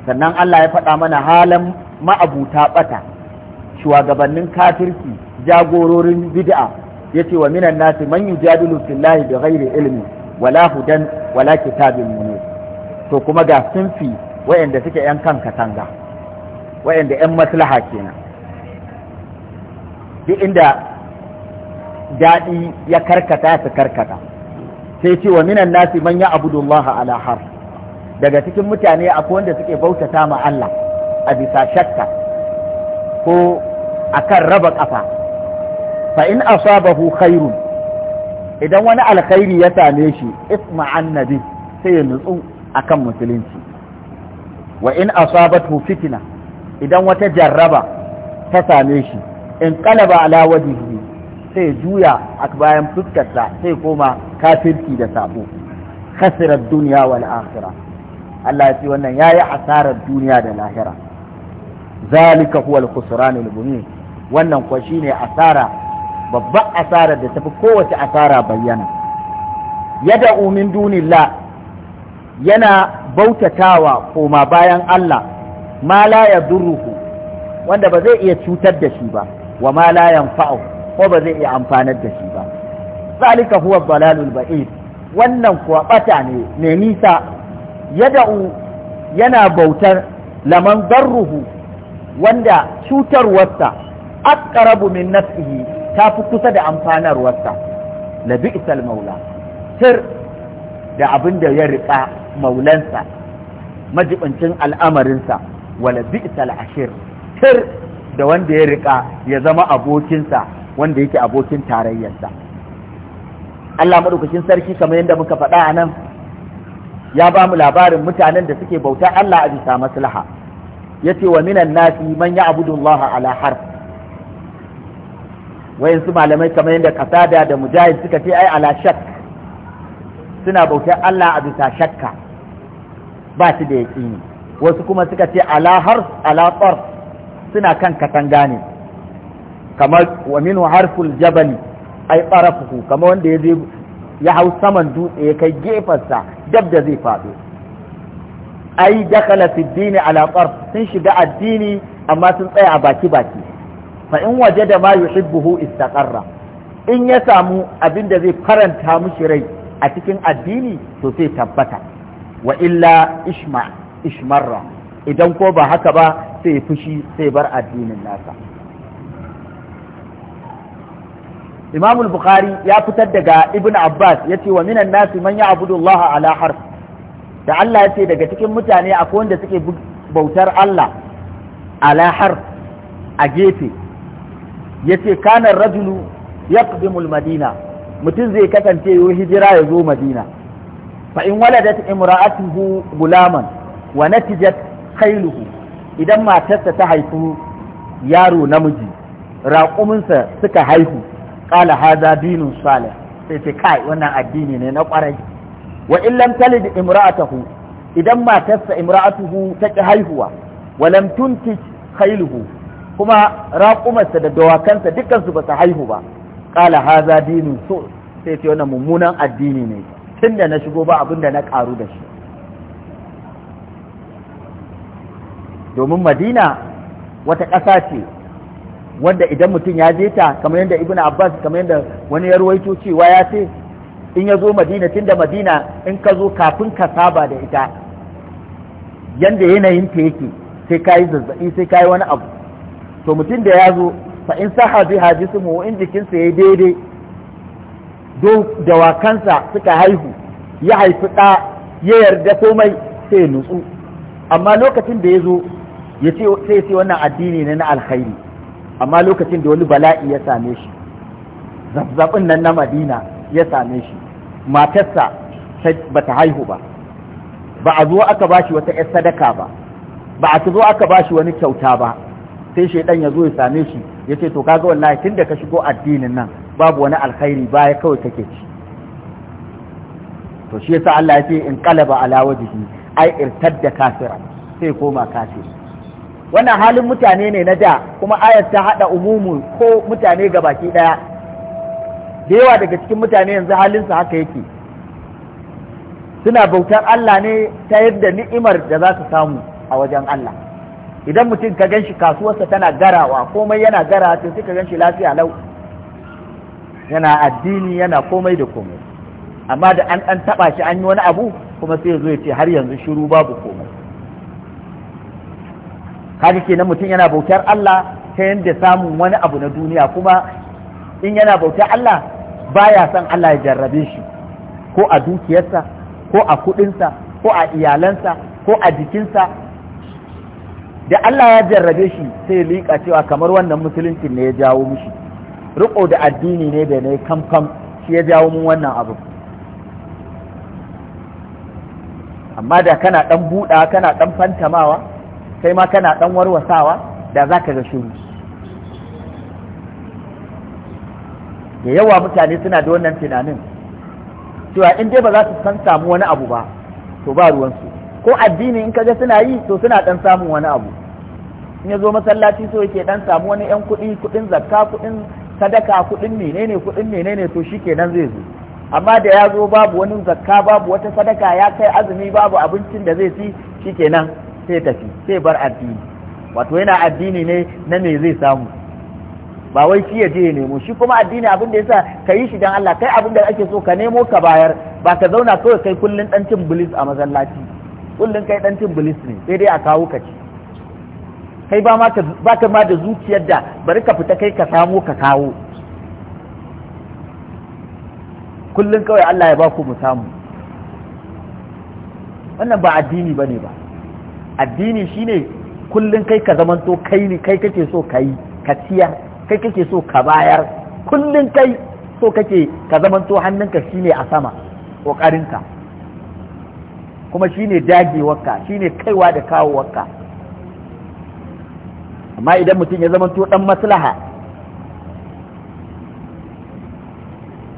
sannan Allah ya faɗa mana halin ma'abuta ɓata shugabannin kafirki jagororin bid'a yace wa minan nasi man yujadilu fillahi bighairi ilmi wala hudan wala kitabin munir to kuma ga sunfi wayanda suke yan kan katanga wayanda yan maslaha kenan duk inda daɗi ya karkata su karkata sai ce wa minan nasi man ya abudullaha ala daga cikin mutane akwai wanda suke bautata ma Allah a bisa shakka ko kan raba kafa fa in asabahu khairun idan wani alkhairi ya same shi isma annabi sai ya nutsu akan musulunci wa in asabatu fitna idan wata jarraba ta same shi in qalaba ala wajhihi sai juya a bayan fuskarsa sai koma kafirci da sabo khasirar duniya wal akhirah Allah ya ce wannan yi asarar duniya da lahira zalika huwa al-khusran al-mubin wannan kuwa shine asara babban asara da tafi kowace asara bayyana yada umin dunillah yana bautatawa koma bayan Allah ma la yadurruhu wanda ba zai iya cutar da shi ba wa ma la yanfa'u ko ba zai iya amfanar da shi ba zalika huwa dalalul ba'id wannan kuwa bata ne ne nisa yada'u yana bautar laman zarruhu wanda cutarwarsa aqrabu min nafsihi ta fi kusa da amfanarwarsa la bi'sal maula sir da abin da ya riƙa maulansa majibincin al'amarinsa wala bi'sal ashir Tir da wanda ya riƙa ya zama abokinsa wanda yake abokin tarayyarsa Allah madaukakin sarki kamar yadda muka faɗa a nan ya ba mu labarin mutanen da suke bauta Allah a bisa maslaha yace wa minan nasi man ya'budu Allah ala harf wayansu malamai kamar yadda kasada da mujahid suka ce ai ala shak suna bauta Allah a bisa shakka ba su da yaƙini wasu kuma suka ce ala harf ala tsarf suna kan katanga ne kamar wa minu harful jabali ai tsarafuhu kamar wanda ya je ya hau saman dutse ya kai gefarsa dab da zai faɗo ai dakala fi dini ala sun shiga addini amma sun tsaya a baki baki fa in waje da ma yuhibbuhu istaqarra in ya samu abin da zai faranta mushi rai a cikin addini to sai tabbata wa illa ishma ishmarra idan ko ba haka ba sai fushi sai bar addinin nasa Imam al-Bukhari ya fitar daga Ibn Abbas yace wa minan nasi man ya'budu Allah ala harf da Allah yace daga cikin mutane akwai wanda suke bautar Allah ala harf a gefe yace kanar rajulu ya madina mutum zai kasance yau hijira ya zo Madina fa in waladat imra'atuhu gulaman wa natijat khailuhu idan matarsa ta haifu yaro namiji raƙuminsa suka haihu Ƙala hadha dinun salih sai ce kai wannan addini ne na kwarai wa in talid imra'atahu idan matarsa imra'atuhu ta ki haihuwa wa lam tuntij khailuhu kuma raƙumarsa da dawakansa dukkan su ba haihu ba qala hadha dinun su sai ce wannan mummunan addini ne tunda na shigo ba abin da na karu da shi domin madina wata ƙasa ce wanda idan mutum ya je ta kamar yadda Ibn abbas kamar yadda wani ya ruwaito cewa ya ce in ya zo madina tunda madina in ka zo kafin ka saba da ita yanda yanayin ta yake sai ka yi zazzabi sai ka yi wani abu to mutum da ya zo fa in Haji su mu in jikinsa ya daidai do dawakansa suka haihu ya haifi ɗa ya yarda komai sai ya nutsu amma lokacin da ya zo ya ce sai wannan addini ne na alkhairi amma lokacin da wani bala'i ya same shi zazzabin nan na madina ya same shi matarsa ba ta haihu ba ba a zo aka bashi wata 'yar sadaka ba ba a zo aka bashi wani kyauta ba sai shaidan ya zo ya same shi ya ce to kaga wallahi tun da ka shigo addinin nan babu wani alkhairi baya kawai kake ci to shi yasa Allah ya ce in qalaba ala wajhi ai da kafira sai koma kafira wannan halin mutane ne na da kuma ayar ta hada umumu ko mutane ga baki daya da yawa daga cikin mutane yanzu halinsa haka yake suna bautar Allah ne ta yadda ni'imar da za su samu a wajen Allah idan mutum ka ganshi kasuwarsa tana garawa komai yana gara sai suka gan shi lafiya lau yana addini yana komai da komai amma da an an taɓa shi an yi wani abu kuma sai ya zo ya ce har yanzu shiru babu komai kaga kenan mutum yana bautar Allah ta yadda samun wani abu na duniya kuma in yana bautar Allah baya son Allah ya jarrabe shi ko a dukiyarsa ko a kudinsa ko a iyalansa ko a jikinsa da Allah ya jarrabe shi sai liƙa cewa kamar wannan musuluncin ne ya jawo mishi riko da addini ne da ne kamkam shi ya jawo mun wannan abu amma da kana ɗan buɗa kana ɗan fantamawa kai ma kana dan warwasawa da za ka ga shiru da yawa mutane suna da wannan tunanin cewa in dai ba za su san samu wani abu ba to ba ruwansu ko addini in kaga suna yi to suna dan samun wani abu in ya zo masallaci so yake dan samu wani yan kuɗi kuɗin zakka kuɗin sadaka kuɗin menene kuɗin menene to shikenan zai zo amma da ya zo babu wani zakka babu wata sadaka ya kai azumi babu abincin da zai ci shikenan sai tafi sai bar addini wato yana addini ne na me zai samu ba wai shi yaje je ya nemo shi kuma addini abin da yasa ka yi shi dan Allah kai abin da ake so ka nemo ka bayar ba ka zauna kawai kai kullun dan cin bilis a masallaci kullun kai dan cin bilis ne sai dai a kawo ka ci kai ba ma ka ma da zuciyar da bari ka fita kai ka samo ka kawo kullun kawai Allah ya ba ku mu samu wannan ba addini bane ba addini shine kullum kai ka to kai ne kai kake so ka yi ka ciyar kai kake so ka bayar kullum kai so kake ka zamanto hannunka shine a sama ƙoƙarinka kuma shine dagewarka shine kaiwa da kawowarka amma idan mutum ya zamanto ɗan maslaha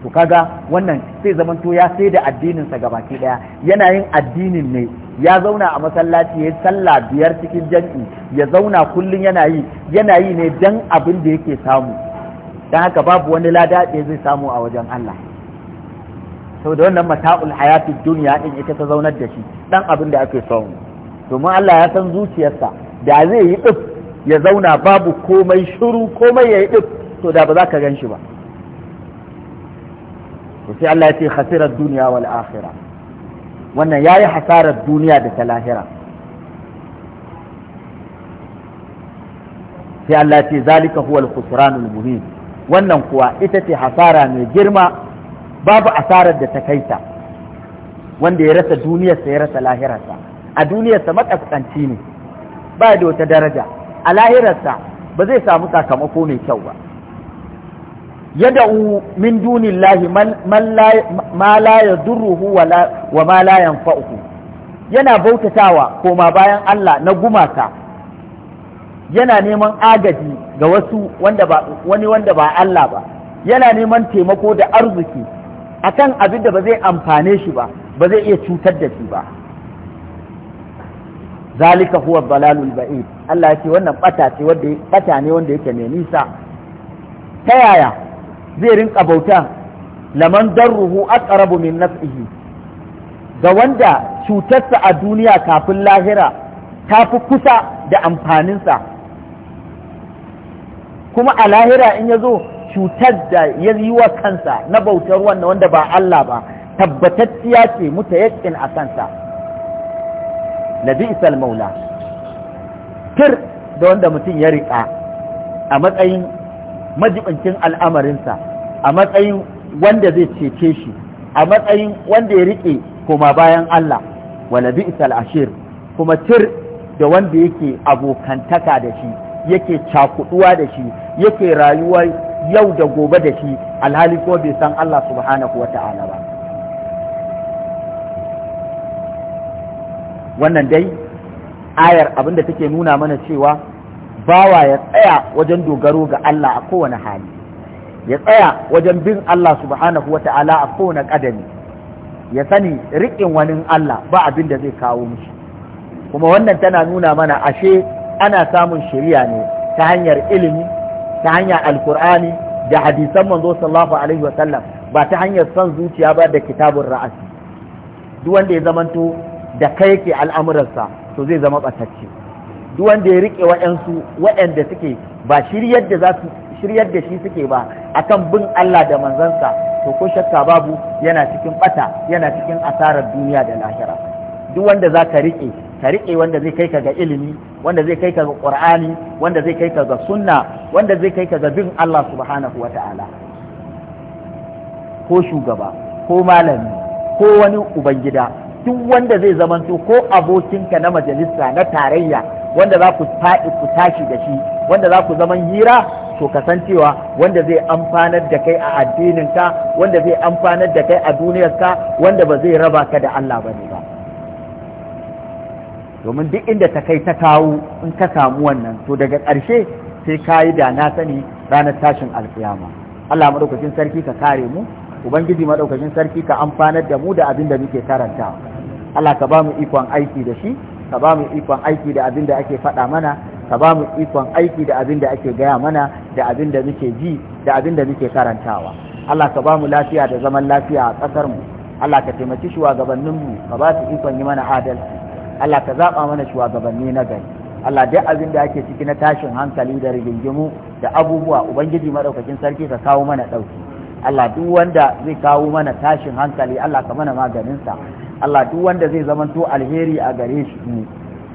to kaga wannan sai zamanto ya sai da addinin sa baki daya yana yin addinin ne ya zauna a masallaci ya sallah biyar cikin jam'i ya zauna kullum yana yi yana yi ne dan abin da yake samu dan haka babu wani lada da zai samu a wajen Allah da wannan mata'ul hayati duniya din ita ta zaunar da shi dan abin da ake samu domin Allah ya san zuciyarsa da zai yi duk ya zauna babu komai shiru komai ya yi duk. to da ba za ka gan shi ba to sai Allah ya ce khasirar duniya wal akhira. wannan yayi hasarar duniya da ta lahira sai Allah ya ce zalika huwal khusranul muhim. wannan kuwa ita ce hasara mai girma babu asarar da ta kaita wanda ya rasa duniyarsa ya rasa lahirarsa a duniyarsa makaskanci ne ba da wata daraja a lahirarsa ba zai samu sakamako mai kyau ba yad'u min dunillahi ma la yadurruhu wa ma la yanfa'uhu yana bautatawa koma bayan Allah na gumaka yana neman agaji ga wasu wanda ba wani wanda ba Allah ba yana neman taimako da arziki akan abin da ba zai amfane shi ba ba zai iya cutar da shi ba zalika huwa dalalul ba'id Allah ya ce wannan bata ce wanda bata ne wanda yake mai nisa ta yaya zai rinka bauta laman darruhu aqrabu min nafsihi ga wanda cutarsa a duniya kafin lahira ta fi kusa da amfaninsa kuma a lahira in ya zo cutar da ya yi wa kansa na bautar wannan wanda ba Allah ba tabbatacciya ce muta yakin a kansa labi maula tir da wanda mutum ya riƙa a matsayin majibincin al'amarinsa a matsayin wanda zai cece shi a matsayin wanda ya riƙe koma bayan Allah wala bi'sal ashir kuma tir da wanda yake abokantaka da shi yake cakuduwa da shi yake rayuwa yau da gobe da shi alhali ko bai san Allah subhanahu wata'ala ba wannan dai ayar abinda take nuna mana cewa bawa ya tsaya wajen dogaro ga Allah a kowane hali ya tsaya wajen bin Allah subhanahu wata'ala a kowane kadami ya sani riƙin wani Allah ba abin da zai kawo mushi kuma wannan tana nuna mana ashe ana samun shari'a ne ta hanyar ilimi ta hanyar alkur'ani da hadisan manzo sallallahu alaihi wa sallam ba ta hanyar son zuciya ba da kitabun ra'asi duk wanda ya zamanto da kai ke al'amuransa to zai zama ɓatacce duk wanda ya rike wa'ansu wa'anda suke ba shiryar da za su shiryar da shi suke ba akan bin Allah da manzansa to ko shakka babu yana cikin bata yana cikin asarar duniya da lahira duk wanda za ka rike ka rike wanda zai kai ka ga ilimi wanda zai kai ka ga qur'ani wanda zai kai ka ga sunna wanda zai kai ka ga bin Allah subhanahu wata'ala ko shugaba ko malami ko wani ubangida duk wanda zai zamanto ko abokinka na majalisa na tarayya wanda za ku faɗi ku tashi da shi wanda za ku zaman hira to kasancewa wanda zai amfanar da kai a addininka wanda zai amfanar da kai a duniyarka wanda ba zai raba ka da Allah ba ne ba domin duk inda ta kai ta kawo in ka samu wannan to daga ƙarshe sai ka yi da na sani ranar tashin alkiyama Allah maɗaukacin sarki ka kare mu ubangiji maɗaukacin sarki ka amfanar da mu da abin da muke karanta Allah ka ba mu ikon aiki da shi ka ba mu ikon aiki da abin da ake faɗa mana ka ba mu ikon aiki da abin da ake gaya mana da abin da muke ji da abin da muke karantawa Allah ka ba mu lafiya da zaman lafiya a ƙasar mu Allah ka taimaki shugabannin mu ka ba su ikon yi mana adal Allah ka zaɓa mana shugabanni na gari Allah duk abin da ake ciki na tashin hankali da rigingimu da abubuwa ubangiji madaukakin sarki ka kawo mana ɗauki Allah duk wanda zai kawo mana tashin hankali Allah ka mana maganinsa Allah duk wanda zai zamanto alheri a gare shi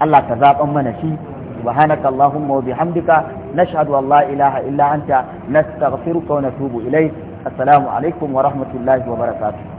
Allah ka zaɓan mana shi subhanaka allahumma wa bihamdika nashhadu an la ilaha illa anta nastaghfiruka wa natubu ilayk assalamu alaikum wa rahmatullahi wa barakatuh